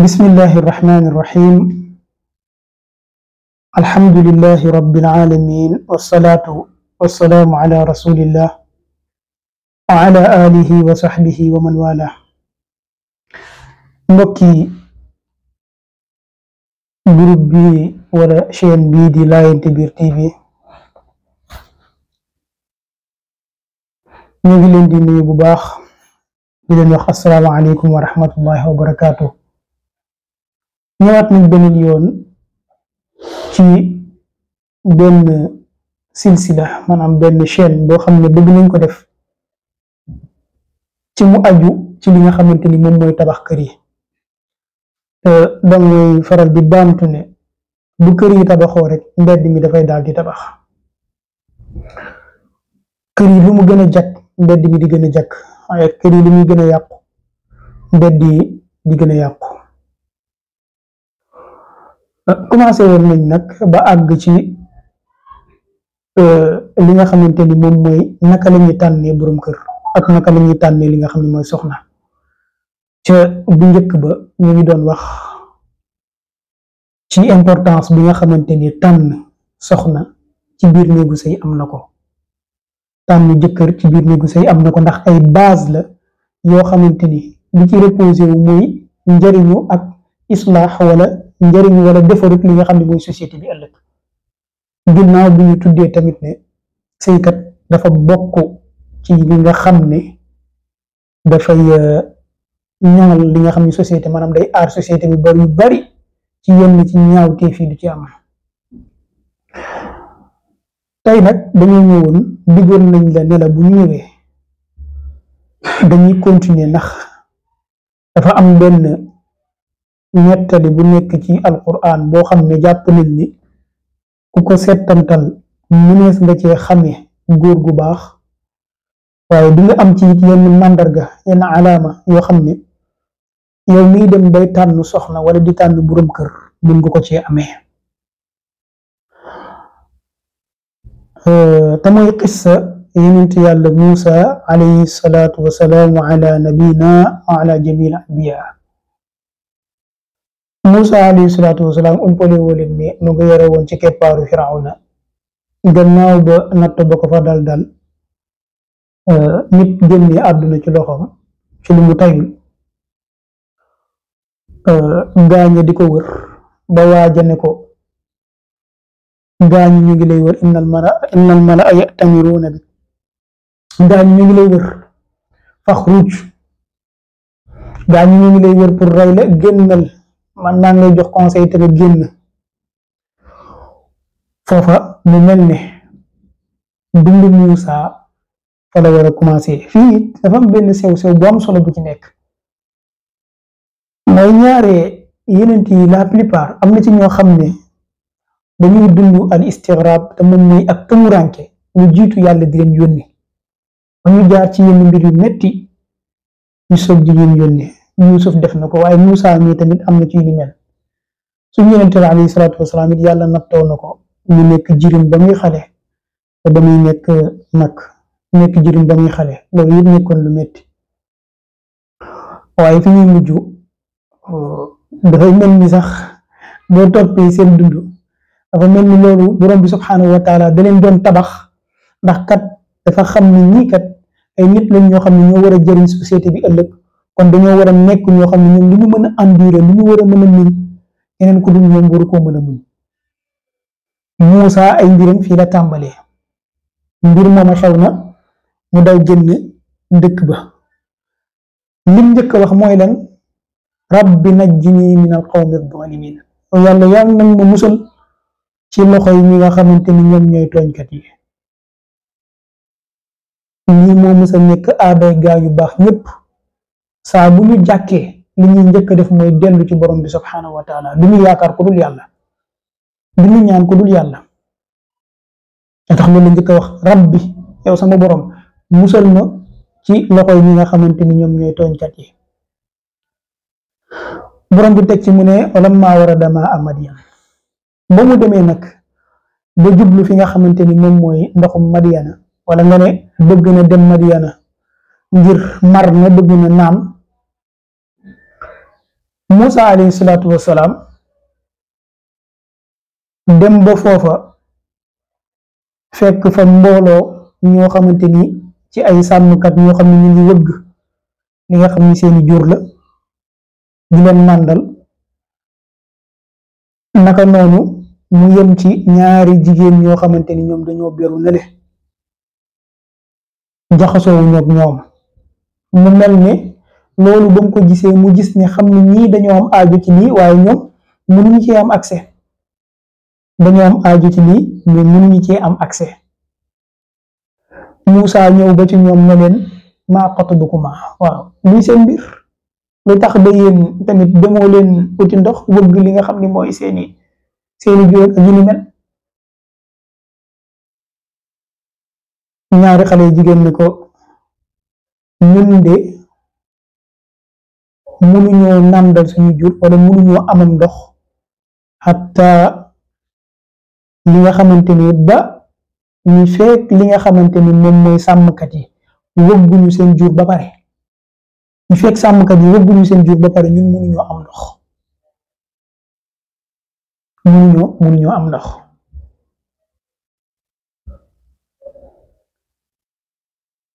بسم الله الرحمن الرحيم الحمد لله رب العالمين والصلاة والسلام على رسول الله وعلى آله وصحبه ومن والاه مكي groupe bi wala chaîne bi di Layente Biir TV ñu ngi leen di nuyu bu baax di leen wax asalaamaaleykum wa rahmatullahi wa barakaatu ñëwaat nañ beneen yoon ci benn silsila maanaam benn chaîne boo xam ne bëgg nañ ko def ci mu aju ci li nga xamante ni moom mooy tabax kër yi te dangay faral di baamtu ne bu kër yi tabaxoo rek mbedd mi dafay daal di tabax kër yi lu mu gën a jàkk mbedd mi di gën a jàkk waaye kër yi li yakku gën mbedd yi di gën yakku yàqu commencé woon nañ nak ba ag ci eh, li nga xamanteni mom moy naka lañuy ñuy borom kër ak naka lañuy ñuy li nga xamni ne soxna ci bu ñëk ba ñu ngi doon wax ci importance bi nga xamanteni tan soxna ci bir néegu sey am nako tànn jëkkër ci biir néegu sëy am na ko ndax ay base la yoo xamante ni li ci reposé wu mooy njariñu ak islaax wala njariñu wala defarut li nga xam ne mooy société bi ëllëg ginnaaw bi ñu tuddee tamit ne kat dafa bokk ci li nga xam ne dafay euh, ñaawal li nga xam ne société maanaam day aar société bi bari yu bari ci yenn ci ñaaw te du ci am tey nag dañoo ñëwoon digon nañ la ne la bu ñëwé dañuy continuer ndax dafa am ben ñettali bu nekk ci alquran bo xamné japp jàpp nañ ni ku ko settantal mënees nga ci xamé goor gu baax waye bi nga am ci nit yenn màndarga yenn alama yo xamné yow mi dem bay tan soxna wala di tan burum kër bu nga ko ci amé te mooy qissa yonent yàlla Muusa alayhi salaatu wa ala nabina wa ala jamil anbiya Muusa alayhi salaatu wa salaam umpale woleen ne mu nga yore woon ci keppaaru Firawna gannaaw ba natt ba ko fa dal dal nit génne àdduna ci loxoom ci lu di ko wër ba waaja ne ko gaañu ñu ngi lay wër innal mala innal ay ya'tamiruuna bi gaañu ñu ngi lay wër faxruj gaañu ñu ngi lay wër pour rey la génnal man naa ngi jox conseil te génn foofa mu mel ne dundu Muusa fa la war a commencé fii dafa am benn sew sew bu am solo bu ci nekk mooy ñaare yeneen yi la plupart am na ci ñoo xam ne. dañuy dund al istigrab te moom mooy ak tumuranke ñu jiitu yàlla di leen yónni ba jaar ci yenn mbir yu metti ñu soog di leen yónni Yuusuf def na ko waaye Muusa mii tamit am na ci li mel suñu yonente la yàlla nattoo na ko mu nekk jirim ba muy xale te ba muy nekk nag lu metti waaye fi mujj dafay mel ni sax boo toppee seen dund dafa melni lolu borom bi subhanahu wa taala da leen doon tabax ndax kat dafa xam ni ñii kat ay nit lañ ñoo xam ne ñoo wara jëriñ société bi ëlëk kon dañoo wara nekk ñoo xam ne ñoom li ñu mën a enduré li ñu war a mën a muñ keneen ku dul ñoom waru koo mën a muñ ay mbirum fi la tambalé mbir mo ma xawna mu daw génn dëkk ba lim njëkk wax moy lan rabbi najjini min al qawmi adalimin yalla yalla nang mo musul ci loxo yi nga xamanteni ñom ñoy ñooy kat yi ñi moo mës a aaday yu bax ñep sa bu ñu jakké li ñi ñëk def moy delu ci borom bi subhanahu wa taala du ñu yaakar ko dul yalla du ñu ñaan ko dul yalla tax mo wax rabbi yow sama borom musal ma ci loxo yi nga xamanteni ñom ñoy ñooy kat yi borom bi tek ci mu ne ma wara dama amadiyan bamu mu nak ba djublu fi nga xamanteni mom moy ndoxum Madiana wala nga ne bëgg na dem Madiana ngir mar na bëgg na nam musa alayhi salatu wassalam dem ba fofa fekk fa mbolo ño xamanteni ci ay sam kat ño xamni ñu ngi wëgg li nga xamni jur la ñu len mandal naka nonu mu yem ci ñaari jigéen ñoo xamante ni ñoom dañoo la nale jaxasoowu ñoog ñoom mu mel ne loolu ba mu ko gisee mu gis ne xam ne ñii dañoo am aajo ci lii waaye ñoom mënuñu cee am accès dañoo am aajo ci lii mais mënuñu cee am accès Moussa ñëw ba ci ñoom ne leen maa xatubukuma waaw luy seen lu tax ba tamit demoo leen uti ndox wëgg li nga xam ne mooy seeni seeni jur ak yu mel ñaari xale jigen ni ko ñun de ñu nàndal suñu jur wala mënuñoo am ndox hatta li nga xamanteni ba ñu fekk li nga xamanteni ni moom mooy sàmmkat yi wëgguñu seen jur ba pare ñu fekk sàmmkat yi wëgguñu seen jur ba pare ñun mënuñoo am ndox Munyo, munyo mun ñoo am ndox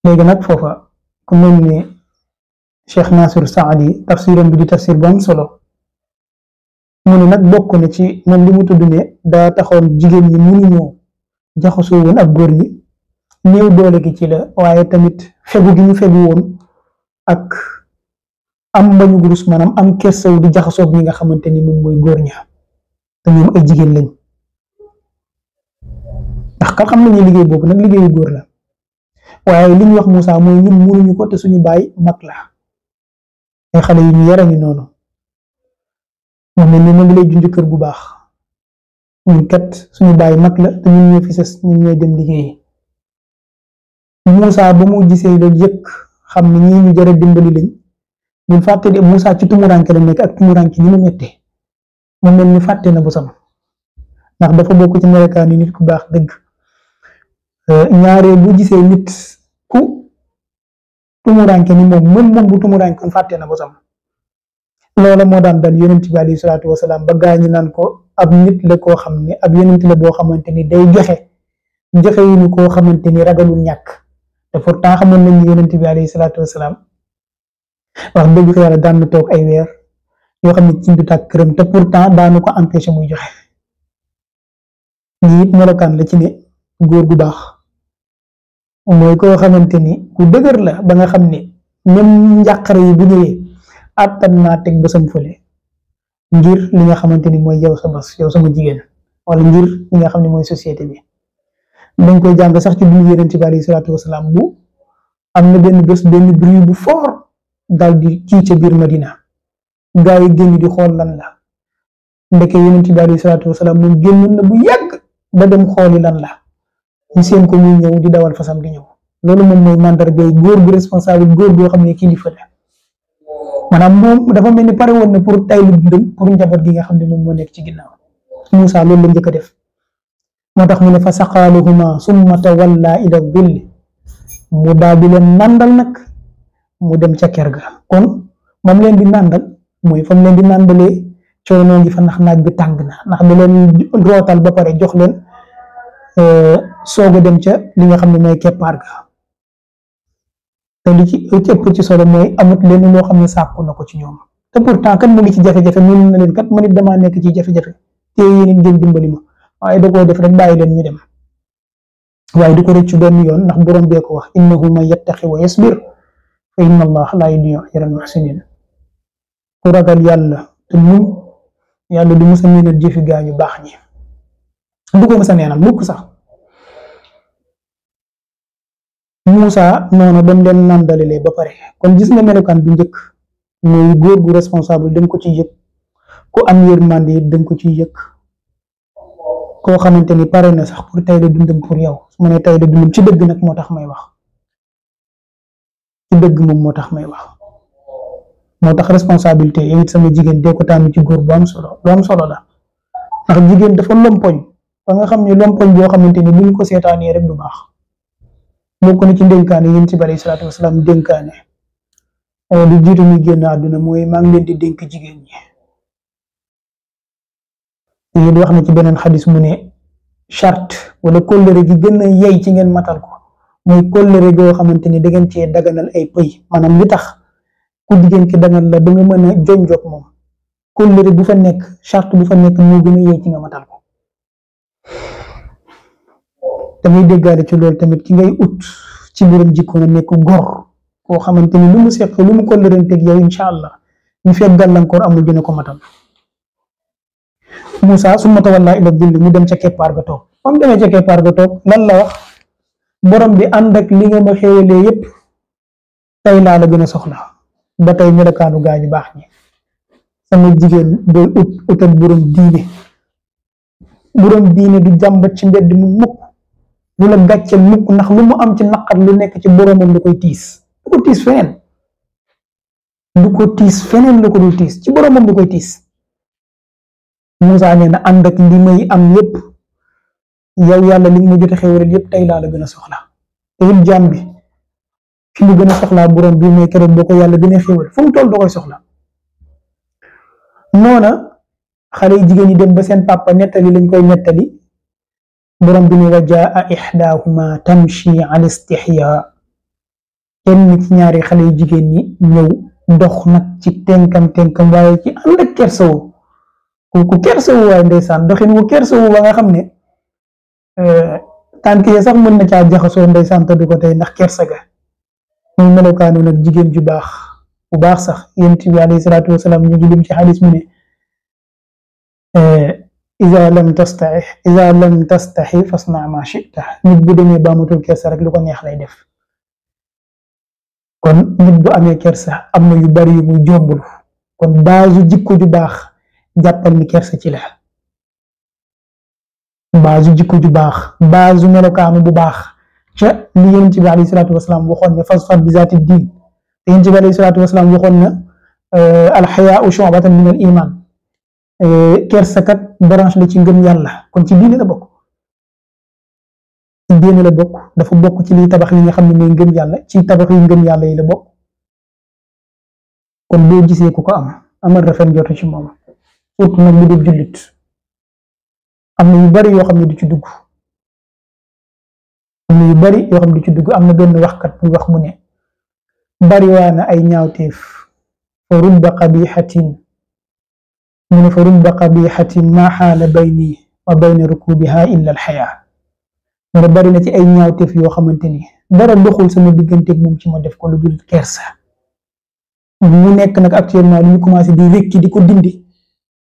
léegi nag ku Cheikh Nasir Saadi tafsiram bi di tafsir bu am solo mu ne nag bokk na ci moom li mu tudd ne daa taxoon jigéen ñi mënuñoo ak góor ñi doole gi ci la waaye tamit gi ñu ak am gurus manam am kersaw di jaxasoog ñi nga te ñoom ay jigéen lañ ndax ka xam nañu liggéey boobu nag liggéeyu góor la waaye li ñu wax Moussa mooy ñun mënuñu ko te suñu baay mag la ay xale yu ñu yara ñu noonu moo mel ni ngi lay junj kër bu baax ñun kat suñu baay mag la te ñun ñoo fi sës ñun ñooy dem liggéeyi Moussa ba mu gisee loolu yëkk xam ne ñii ñu jara dimbali lañ ñun fàtte Moussa ci tumuranke la nekk ak tumuranke ni mu mettee mu mel ni fàtte na bosam ndax dafa bokk ci melokaan yi nit ku baax dëgg euh, ñaaree bu gisee nit ku tumuraanke ni moom moom moom bu tumuraanke kon fàtte na bosam loola moo daan dal yonent bi alayhi salaatu wasalaam ba gaañi naan ko ab nit la koo xam ne ab yonent ti boo xamante ni day joxe joxe yu ñu koo xamante ni ragalul ñàkk te pourtant xamoon nañu yonent bi alayhi salaatu wasalaam wax dëgg fa yàlla daan na toog ay weer yoo xam ne ci du tàkk këram te pourtant daanu ko empêché muy joxe lii melokaan la ci ne góor gu baax mooy koo xamante ni ku dëgër la ba nga xam ne même njàqare yi bu ñëwee àttan naa teg bësam fële ngir li nga xamante ni mooy yow sa bas yow sama jigéen wala ngir li nga xam ne mooy société bi dañ koy jàng sax ci biir yonent bi alayhi salaatu am na benn bës benn bruit bu fort daal di kii ca biir Madina. gaa yi génn di xool lan la ndeke yonent bi alayhi salaatu wasalaam moom génnoon na bu yàgg ba dem xooli lan la seen ko muy ñëw di dawal fasam di ñëw loolu moom mooy mandargay góor gu responsable góor goo xam ne kii maanaam moom dafa mel ni pare woon na pour tay lu dundam pour njaboot gi nga xam ne moom moo nekk ci ginnaaw Moussa loolu la njëkk a def moo tax mu ne fa saqaaluhuma summa tawalla ila dhilli mu daa di leen nàndal nag mu dem ca kër ga kon mam leen di nàndal mooy fa mu leen di nàndalee coono ngi fa ndax naaj bi tàng na ndax da leen rootal ba pare jox leen euh, soog a dem ca li nga xam ne mooy keppaar ga te li ci ëpp ci solo mooy amut leen loo xam ne sàkku na ko ci ñoom te pourtant kat mu ngi ci jafe-jafe mën na leen kat man it damaa nekk ci jafe-jafe te yéen it ngeen dimbali ma waaye da koo def rek bàyyi leen ñu dem waaye du ko rëccu benn yoon ndax borom bee ko wax innahu man yattaqi wa yasbir fa inna allah laa yudii'u ku ragal yàlla te muñ yalla du musa miinal jëf gaa gañu bax ñi du ko musa neena mukk sax musa nono dem mu leen nàndalalee ba pare kon gis nga melokaan bu ñëk moy goor gu responsable dañ ko ci yëk ko am yermande ko ci yëk ko xamanteni pare na sax pour tay la dundam pour yow su ma nee tay ci deug nak motax may wax ci deug mom motax may wax motax responsabilité yow sama jigen de ko taamu ci gor bu am solo bu am solo la ndax jigen dafa lompoñ ba nga xamni lompoñ bo xamanteni buñ ko seetaanee rek du bax moko ni ci ndénkaane yeen ci bari wassalam wasalaam euh di jitu ni genn aduna moy ma ngi di denk jigen ñi di wax na ci benen hadith mu ne charte wala kolere gi gën yey ci ngeen matal ko moy kolere go xamanteni ni da ngeen cee daganal ay pey manam li tax ku jigéen ki dangal la ba nga mën a jonjoog moom kóllëre bu fa nekk charte bu fa nekk moo gën a yee ci matal ko damay déggaale ci loolu tamit ki ngay ut ci mbirum jikko nga nekk gor koo xamante ni lu mu seq lu mu kóllëranteeg yow incha allah ñu fekk gàllankoor amul dina ko matal Moussa su ma tawallaa ila dilli mu dem ca keppaar ga toog ba mu ca keppaar ga toog lan la wax borom bi ànd ak li nga ma xéwalee yépp tey laa la gën a soxla ba tey melokaanu gaa ñu baax ñi sama jigéen dooy ut utal boroom diine boroom diine du jàmbat ci mbedd mu mukk lu la gàcce mukk ndax lu mu am ci naqar lu nekk ci boroomam lu koy tiis du ko tiis feneen du ko dul tiis ci boroomam lu koy tiis Moussa nee na ànd ak li may am yépp yow yàlla li mu jot a xewal yépp tey laa la gën a soxla te it ci mu gën a soxlaa borom bi mu keroog boo ko yàlla gën a xéwal fu mu toll koy soxla noona xale yi jigéen ñi dem ba seen papa nettali lañ koy nettali borom bi ne wa jaa ixdaahuma tamshi ala istixyaa kenn ñaari xale yu jigéen ñi ñëw dox nag ci tenkam tenkam waaye ci ànd ak kersawu ku kersawu waaye ndeysaan doxin ku kersawu ba nga xam ne euh, tànk yi sax mën na caa jaxasoo ndeysaan te du ko ndax kersa ga muy melokaanu nag jigéen ju baax bu baax sax yonent bi alayhi salaatu wasalaam ñu ngi lim ci xadis mu ne iza eh, iza lam tastaxi fasna ma chita nit bu demee baamatul kersa rek lu ko neex lay def kon nit bu amee kersa am na yu bari yu muy jombul kon baasu jikko ju baax jàppal ni kersa ci la baasu jikko ju baax baasu melokaanu bu baax ca li yonent bi alayhi salaatu wasalaam waxoon ne fasfar bi zaati diin te yonent bi alayhi salaatu wasalaam waxoon ne alxayaau shubatun min al iman kersakat branche la ci ngëm yàlla kon ci diine la bokk ci diine la bokk dafa bokk ci liy tabax li nga xam ne mooy ngëm yàlla ci tabax yi ngëm yàlla yi la bokk kon boo gisee ku ko am amal rafet njort ci moom surtout nag mu dul jullit am na yu bari yoo xam ne du ci dugg ñu bari yo xam di ci dugg amna benn wax kat bu wax mu ne bari waana ay ñaawteef fa rubba qabixatin mu ne fa rubba ma xaala bayni wa bayna rukubiha illa alhaya. mu ne bari na ci ay ñaawteef yoo xamante ni dara doxul sama digganteeg moom ci ma def ko lu dul kersa mu nekk nag actuellement ñu commencé di rekki di ko dindi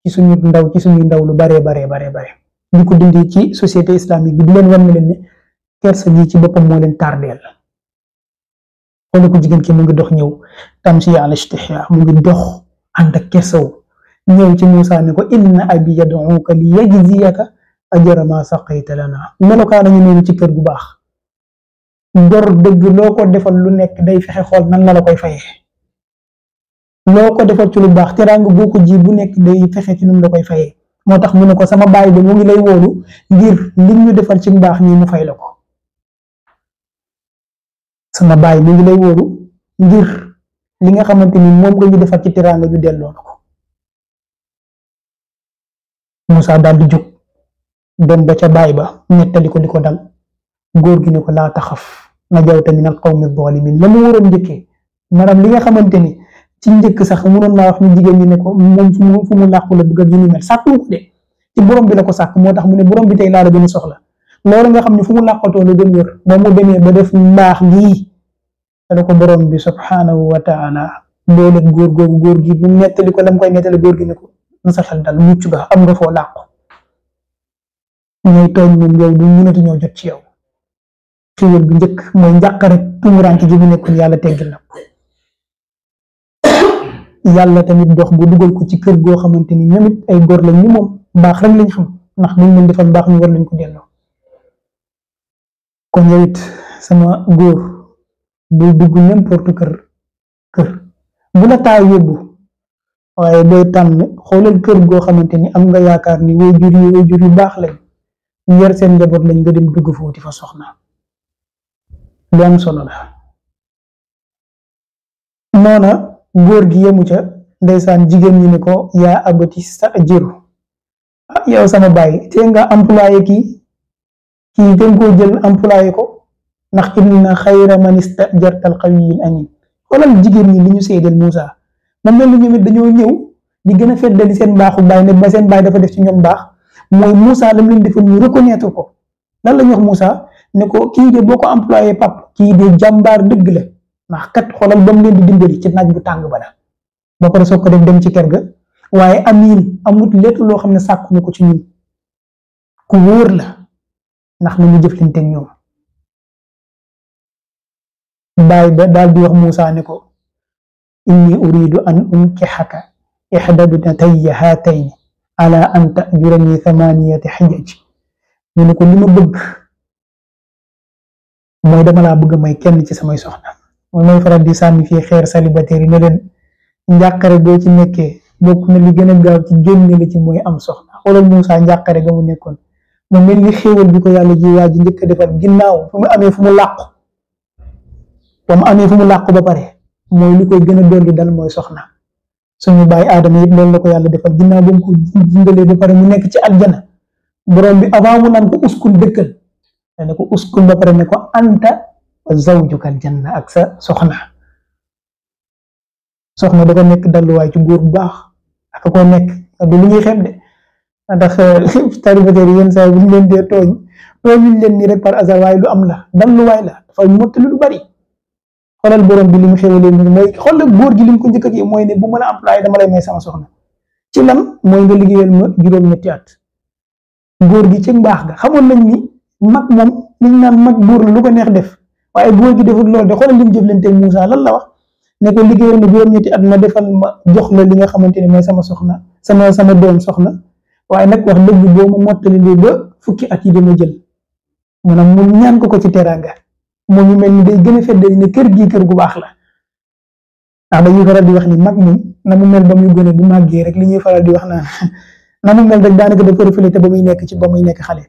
ci suñu ndaw ci suñu ndaw lu bare bare bare bare di ko dindi ci société islamique bi di leen wan ne ne kersa ji ci boppam moo leen tardeel xoolu ko jigen ki mo ngi dox tam tamshi al istihya mo ngi dox and ak kersaw ñew ci musa ne ko inna abi yad'uka li yajziyaka ajra ma saqayta lana melokaan ñu noonu ci kër gu bax lunek deug loko defal lu nekk day fexé xol nan la la koy fayé loko defal ci lu baax teraanga boo ko ji bu nekk day fexé ci num la koy fayé motax sama baye bi mu ngi lay wolu ngir liñu defal ci mbax ni mu fay lako sama bayi, mi ngi lay woru ngir li nga xamanteni mom nga ñu defal ci teraanga ñu delo ko musa dal di juk dem ba ca bay ba netali ko diko dal gor gi ne ko la taxaf na jawta min al qawmi zalimin la mu waroon manam li nga xamanteni ci njëkk sax mënoon na wax ni jigéen ñi ne ko mom fu mu fu mu la bëgg ñu mel ko de ci borom bi la ko motax mu ne borom bi tay la la soxla loolu nga xam ne fu mu làqatoo lu gën wér ba mu demee ba def mbaax gii dana ko borom bi subhanahu wa taala loolu góor googu góor gi bu nettali ko lam koy nettali góor gi ne ko na sa xel ba am nga foo làqu ñooy tooñ yow ci yow xiwér njëkk mooy njàq rek tumurànk yàlla teggil na ko yàlla tamit dox bu dugal ko ci kër goo xamante ni ay góor lañ ni moom baax rek lañ xam ndax buñ mën defal baax ñu war lañ ko delloo conjoint sama góor buy dugg n'importe kër kër bu la taa yóbbu waaye day tànn xoolal kër goo xamante ni am nga yaakaar ni waajur yi waajur yu baax lañ ñu yar seen njaboot lañ nga dem dugg foofu di fa soxna lu am solo la noona góor gi yemu ca ndeysaan jigéen ñi ni ko yaa abati sa jiru ah, yow sama baay te nga employé kii kii gën koo jël employé ko ndax inna xayra man istajarta alqawiyil amin xoolal jigéen ñi li ñu seedeel Moussa man mel ni ñoom it ñëw di gën a feddali seen baaxu baay ne ba seen baay dafa def ci ñoom baax mooy Moussa lam leen defoon ñu reconnaître ko lan la ñu ne ko kii de boo ko employé pap jàmbaar dëgg la ndax kat xoolal ba di dimbali ci naaj bu tàng ba la ba pare ko def dem ci kër ga waaye amin amut lépp loo xam ne sàkku ñu ko ci ñun ku wóor la. ndax nu ñu jëflante ak ñoom ba daal di wax ne ko inni uridu an unkixaka ixda binatayya haatayni ala an tajurani thamaniyati xijaj ñu ne ko li ma bëgg mooy dama laa bëgg may kenn ci samay soxna mooy may faral di sànni fii xeer célibataire yi ne leen njàqare boo ci nekkee bokk na li gën a gaaw ci génne la ci mooy am soxna xoolal Muusa njàqare ga mu nekkoon mu mel ni xéewal bi ko yàlla ji waa ji njëkk defal ginnaaw fu mu amee fu mu làqu ba amee fu mu làqu ba pare mooy li koy gën a dolli dal mooy soxna suñu bàyyi aadama yëpp loolu ko yàlla defal ginnaaw ba mu ko dundalee ba pare mu nekk ci aljana borom bi avant mu naan ko uskun ne ko uskun ba pare ne ko ak sa soxna soxna dafa nekk dalluwaay ci góor bu baax ak ko nekk du lu ñuy xeeb de. ndax eh, taalibataire yi yenn saa yi bu ñu leen dee tooñ tooñuñ leen nii rek par hasard waaye lu am la dalluwaay la dafay mottali lu bari xoolal borom bi li mu xéwalee mooy xoolal góor gi li mu ko njëkk a mooy ne bu ma la employé dama lay ci lan mooy nga liggéeyal ma juróom-ñetti góor gi ci mbaax ga xamoon nañ ni mag moom li ñu naan mag góor lu ko neex def waaye góor gi defut loolu de xoolal li mu jëflante Moussa lan la wax ne ko liggéeyal ma juróom-ñetti at ma defal ma jox la li nga xamante ne mooy sama soxna sama sama doom soxna. waaye nag wax dëgg boo ma mottali lii ba fukki at yi dama jël maanaam mu ñaan ko ko ci teraanga moom mu mel ni day gën a feddali ne kër gii kër gu baax la ndax dañuy faral di wax ni mag moom na mu mel ba muy gone bu màggee rek li ñuy faral di wax naan na mu mel rek daanaka dafa reflété ba muy nekk ci ba muy nekk xale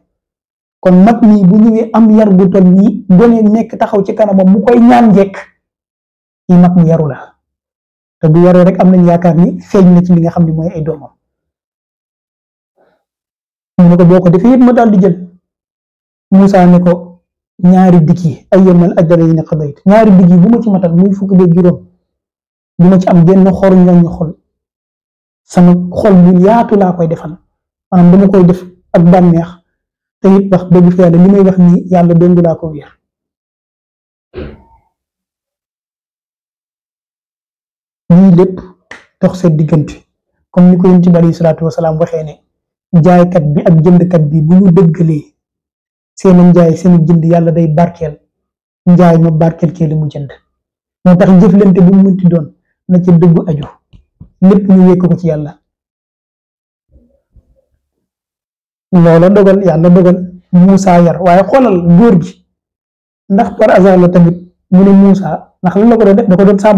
kon mag mii bu ñëwee am yar gu toll nii gone nekk taxaw ci kanamam mu koy ñaan njekk yi mag mu yaru la te bu yaroo rek am nañ yaakaar ni feeñ na ci li nga xam ne mooy ay doomam mu ne ko boo ko defee yëpp ma daal di jël Moussa ne ko ñaari digg yi ay yemal ajjala yi ne xabayit ñaari digg bu ma ci matal muy fukki beeg juróom bu ma ci am genn xor ñooñu xol sama xol bu yaatu laa koy defal maanaam dama koy def ak bànneex te it wax dëgg fi yàlla li may wax nii yàlla dong laa ko wér lii lépp dox seen diggante comme ni ko yonent bi alayhi salaatu waxee ne jaaykat bi ak jëndkat bi bu ñu dëggalee seen njaay seen jënd yàlla day barkeel njaay ma barkeel kee li mu jënd moo tax jëflante bu mu mënti doon na ca dëggu aju lépp ci yàlla loola dogal yàlla dogal Moussa yar waaye xoolal góor gi ndax par hasard la tamit mu ne Moussa ndax lan la ko doon def da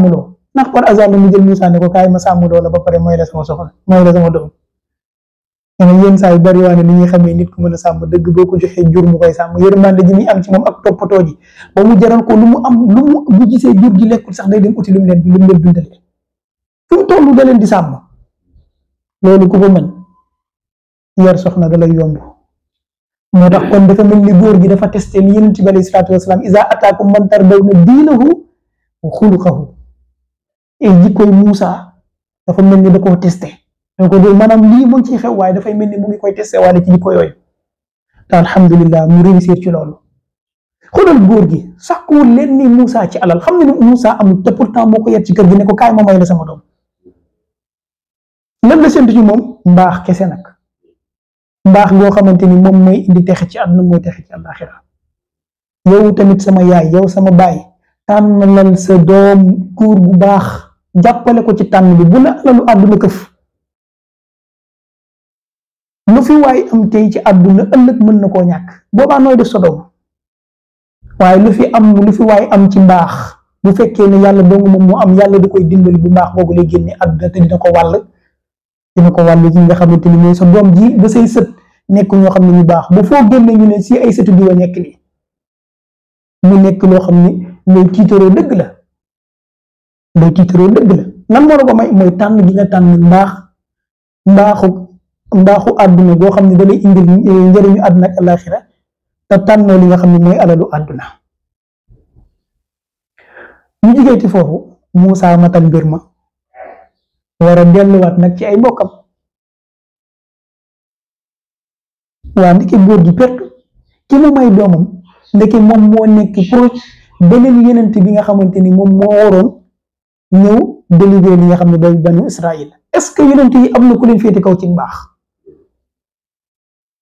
ndax par hasard la mu jël Moussa ne ko kaay ma sàmmloo la ba pare mooy la sama soxla mooy la sama doom dana yenn saa yu bari waane ni ñuy xamee nit ku mën a sàmm dëgg boo ko joxee jur mu koy sàmm yërmande ji muy am ci moom ak toppatoo ji ba mu jaral ko lu mu am lu mu bu gisee jur gi lekkul sax day dem uti lu mu leen lu mu leen fu mu da leen di sàmm loolu ku ko mën yar soxna da yomb moo tax kon dafa mel ni góor gi dafa testé li yonent bi alayhi salaatu wasalaam iza ataakum man tardawna diinahu wa xuluqahu ay jikkoy Muusa dafa mel ni da koo testé donc loolu manam li mo ci xew way da fay melni mo ngi koy tesse waale ci jikko yoy te alhamdullilah mu réussir ci lolu xolal góor gi sakku len ni musa ci alal xamni ne ni Moussa amul te pourtant moko yett ci keur gi ne ko kay ma may la sama dom lan la séntu ci mom mbax kesse nak mbax goo xamanteni mom moy indi texe ci aduna moy texe ci alakhira yow tamit sama yaay yow sama bay tan lan sa dom góor gu bax jàppale ko ci tan bi bu na alalu aduna keuf lu fi waay am tey ci àdduna ëllëg mën na koo ñàkk boobaa nooy def sa waaye lu fi am lu fi waay am ci mbaax bu fekkee ne yàlla dong moom moo am yàlla da koy dimbali bu mbaax boobu lay génnee àdduna te dina ko wàll dina ko wàll ci nga xamante ni mooy sa doom ji ba say sët nekk xam ne ñu baax ba foo génne ñu si ay sëtu diwa nekk nii mu nekk loo xam ne looy tiitaroo dëgg la looy tiitaroo dëgg la lan moo la ko may mooy tànn gi nga tànn mbaax mbaaxu ndaaxu àdduna goo xam ne da lay indil eh, njëriñu àdduna ak alaaxira te tànnoo li nga xam ne mooy alalu àdduna ñu jigéen ci foofu Moussa matal mbir ma war a delluwaat nag ci ay mbokkam waa ndeke góor gi perte ki mu may doomam ndeke moom moo nekk proche beneen yenent bi nga xamante ni moom moo waroon ñëw délivré li nga xam ne day banu Israël est-ce que yenent yi am na ku leen féete kaw ci baax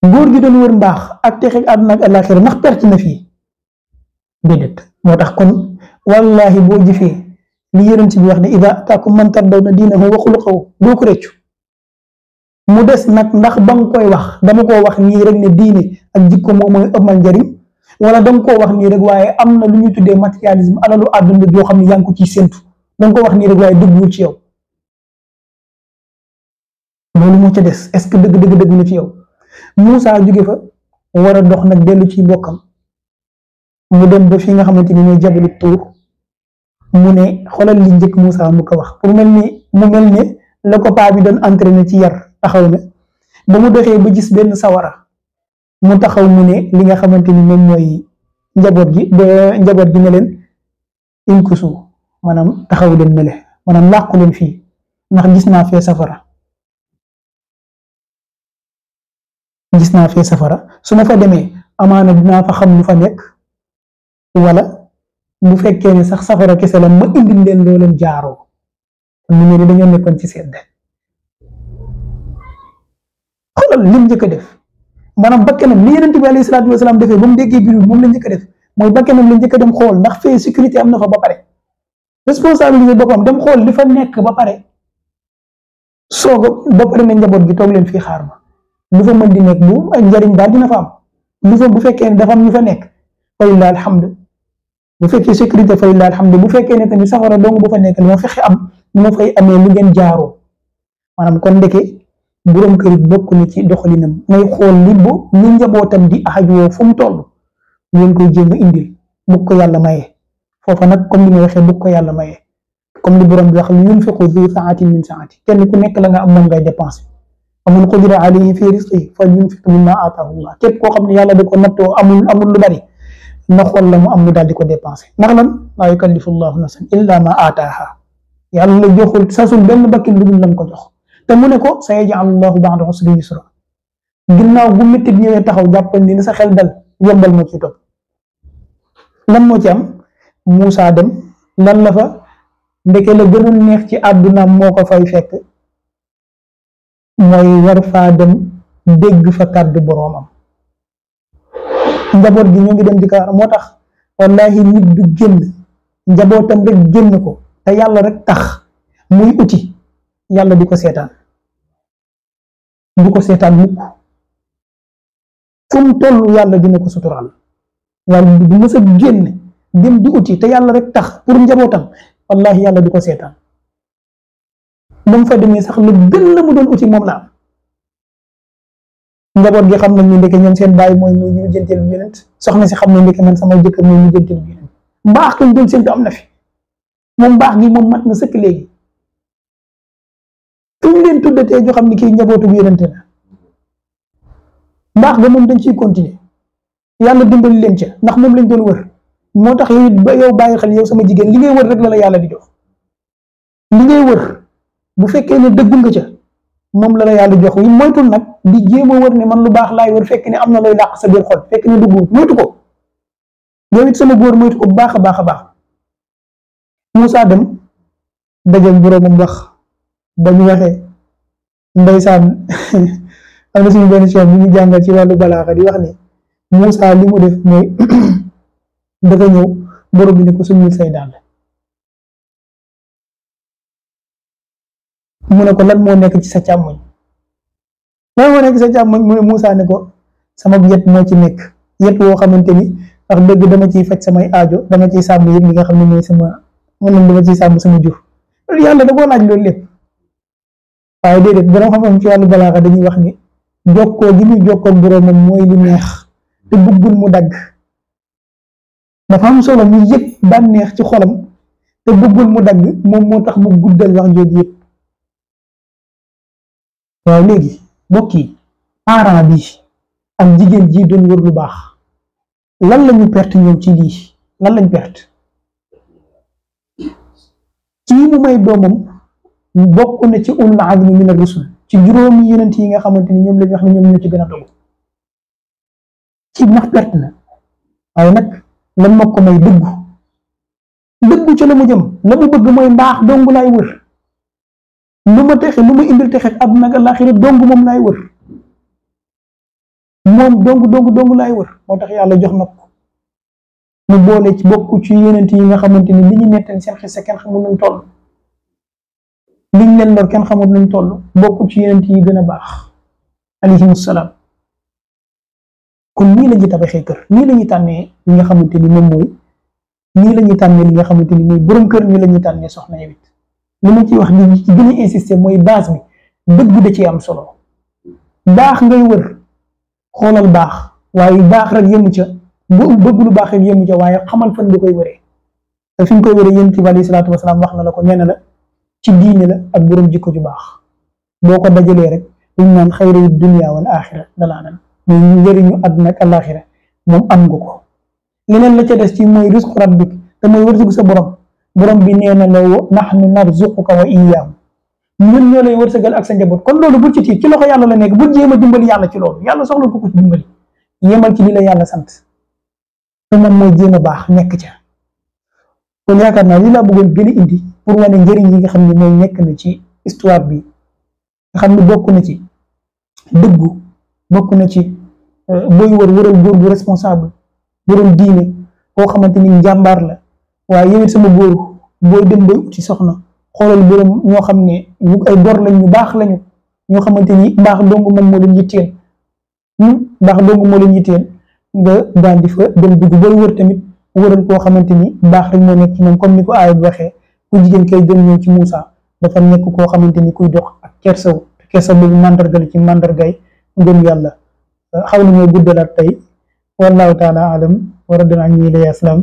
góor gi doon wër mbaax ak texe àdduna ak àllaaxira ndax perte na fii déedéet moo tax kon wallahi boo jëfee li yonent bi wax ne ida ataakum man tardawna diinahu wa xuluqahu doo ko réccu mu des nag ndax ba koy wax dama koo wax nii rek ne diine ak jikko moom mooy ëmmal njariñ wala danga koo wax nii rek waaye am na lu ñuy tuddee matérialisme alalu àdduna joo xam ne yaa ngi ko ciy séntu danga ko wax nii rek waaye dëggul ci yow loolu moo ca des est-ce que dëgg dëgg dëgg na ci yow Moussa jóge fa war a dox nag dellu ci bokkam mu dem ba fi nga xamante ni mooy jabalu tuur mu ne xolal li njëkk Moussa mu ko wax pour mel ni mu mel ne la ko paa bi doon entraîné ci yar taxaw na ba mu doxee ba gis benn sawara mu taxaw mu ne li nga xamante ni moom mooy njaboot gi ba njaboot gi ne leen inkusu maanaam taxaw leen ne le làqu leen fii ndax gis naa fee safara gis naa fee safara su ma fa demee amaana dinaa fa xam lu fa nekk wala bu fekkee ne sax safara kese la ma indil leen loo jaaroo kon ñu ne dañoo nekkoon ci sedd xoolal lim njëkk def maanaam bakkanam li yonent bi alayhi salaatu wasalaam defee ba mu moom la njëkk a def mooy bakkanam la njëkk dem xool ndax fee sécurité am na fa ba pare responsabilité boppam dem xool li fa nekk ba pare soog ba pare ne njaboot gi toog leen fii xaar ma. lu fa mën di nekk lu njariñ daal dina fa am lu fa bu fekkee ne dafa am ñu fa nekk fa lillahi alhamdu bu fekkee sécurité fa lillahi alhamdu bu fekkee ne tamit safara dong bu fa nekk dina fexe am nu ma fay amee lu ngeen jaaroo maanaam kon ndeke borom kër bokk na ci doxalinam ngay xool li bu li njabootam di aajowoo fu mu toll ngeen koy jéem a indil bu ko yàlla maye foofa nag comme li nga waxee bu ko yàlla maye comme li borom bi wax li yunfiqu zu saatin min saati kenn ku nekk la nga am moom ngay dépensé. ومن قدر عليه في رزقه فلينفق مما آتاه الله كيف كو خامني يالا ديكو نتو امول امول لو باري نخول لا مو ام دال ديكو ديبانسي نخلن لا يكلف الله نفسا الا ما آتاها يالا جوخول ساسول بن باكي لودول لام كو جوخ تا مونيكو سيجع الله بعد عسر يسرا غيناو بو ميت نيوي تاخاو جابال ني سا خيل دال يومبال ما سي توب لام مو تي موسى دم لان لا فا ndekele gënul neex ci aduna moko fay fekk mooy war faa dem dégg fa kàddu boroomam njaboot gi ñu ngi dem di ko moo tax wallahi nit du génn njabootam rek génn ko te yàlla rek tax muy uti yàlla di ko seetaan du ko seetaan mukk fu mu yàlla dina ko suturaal yàlla du mës génn dem di uti te yàlla rek tax pour njabootam wallahi yàlla du ko seetaan moom mu dem demee sax lu gën la mu doon uti moom la am njaboot gi xam nañ ni ndeke ñoom seen baay mooy muy ñu jënteel bi yonent soxna si xam nañ ndeke sama jëkkër mooy ñu jënteel bi doon seen am na fi moom mbaax gi moom mat na sëkk léegi fi ñu leen tuddatee ñu xam ni kii njabootu bu yonent la mbaax ga moom dañ ciy continuer yàlla dimbali leen ca ndax moom lañ doon wër moo tax yow it ba yow bàyyi xel yow sama jigéen li ngay wër rek la la yàlla di jox li ngay wër bu fekkee ne dëggu nga ca moom la la yàlla jox yi moytul nag di jéem a ne man lu baax laay wër fekk ne am na lay làq sa biir xol fekk ne dugg moytu ko yow it sama góor moytu ko bu baax a baax a baax Moussa dem dajeeg boroomam wax ba ñu waxee ndeysaan am na suñu benn bu jàngal ci wàllu balaaxa di wax ni Moussa li mu def mooy dafa ñëw borom bi ne ko suñu say dàll mu ne ko lan mo nek ci sa càmmoñ mo mo nek sa càmmoñ mu ne Moussa ne ko sama yett mo ci nek yett wo xamanteni wax deug dama ci faj samay aajo dama ci sàmm yëpp li nga xamni moy sama mo moom dama ci sàmm sama juf loolu yàlla da ko laaj loolu lépp waaye déedéet borom xam-xam ci yalla balaaxa dañuy wax ni jokko gi ni jokko borom moy li neex te bëggul mu dag da fam solo mu ban bànneex ci xolam te bëggul mu dag mom motax mu guddal wax jooju yëpp waaw léegi mbokk yi parent ak jigéen ji doon wër lu baax lan lañu perte ñoom ci lii lan lañ perte kii mu may doomam bokk na ci ulul azmi min a rusul ci juróomi yonent yi nga xamante ni ñoom lañu wax na ñoom ñoo ci gën a dogu ci ndax perte na waaye nag la ma ko may dëggu dëggu ca la mu jëm la mu bëgg mooy mbaax dong wër lu ma texe lu ma indil texe àdduna ak àllaaxira dong moom laay wër moom dong dong dong laay wër moo tax yàlla jox na ko mu boole ci bokk ci yonent yi nga xamante ni li ñu nettali seen xisa kenn xamul nañ toll liñ kenn xamul nañ toll ci yonent yi gën a baax alayhim salaam kon nii la ñuy tabaxee kër nii la ñuy tànnee li nga xamante ni moom mooy nii la ñuy tànnee li nga xamante ni mooy borom kër nii la ñuy tànnee soxna yi li ma ci wax di ci gën a insister mooy base bi dëgg da ci am solo baax ngay wër xoolal baax waaye baax rek yëmu ca bëgg lu baax rek yëmu ca waaye xamal fan nga koy wëree te fi nga koy wëree yonent bi alayhi salaatu wasalaam wax na la ko nee na la ci diine la ak borom jikko ju baax boo ko dajalee rek li ñu naan xayri dunya wal axira dalaa nan muy njëriñu àdduna ak alaxira moom am nga ko leneen la ca des ci mooy risku rabbik te mooy wërsëgu sa borom. borom bi nee na la wo nahnu narzuquka wa iyyaahum ñun ñoo lay wërsëgal ak sa njaboot kon loolu bul ci tiit ci loxo yàlla la nekk bul jéem a dimbali yàlla ci loolu yàlla soxla ko ko ci dimbali yéemal ci la yàlla sant te moom mooy jéem a baax nekk ca kon yaakaar naa li laa bëggoon gën indi pour wane njariñ yi nga xam ne mooy nekk na ci histoire bi xam ne bokk na ci dëggu bokk na ci euh, booy wër wëral góor bu responsable borom diine koo xamante ni njàmbaar la waaye yow sama góor booy dem bay ci soxna xoolal borom ñoo xam ne ñu ay lañ ñu baax lañu ñoo xamante ni baax dong moom moo leen yitteel hmm? baax dong moo leen yitteel nga daal di fa dem dugg booy wër tamit wëral koo xamante ni baax rek moo nekk ci moom comme ni ko aaya bi waxee ku jigéen kay dem ñëw ci Moussa dafa nekk koo xamante ni kuy dox ak kersaw kersa boobu mandargal ci mandargay ngëm yàlla xaw na ñoo guddalaat tey wallahu taala alam wa raddana ñu ila aslam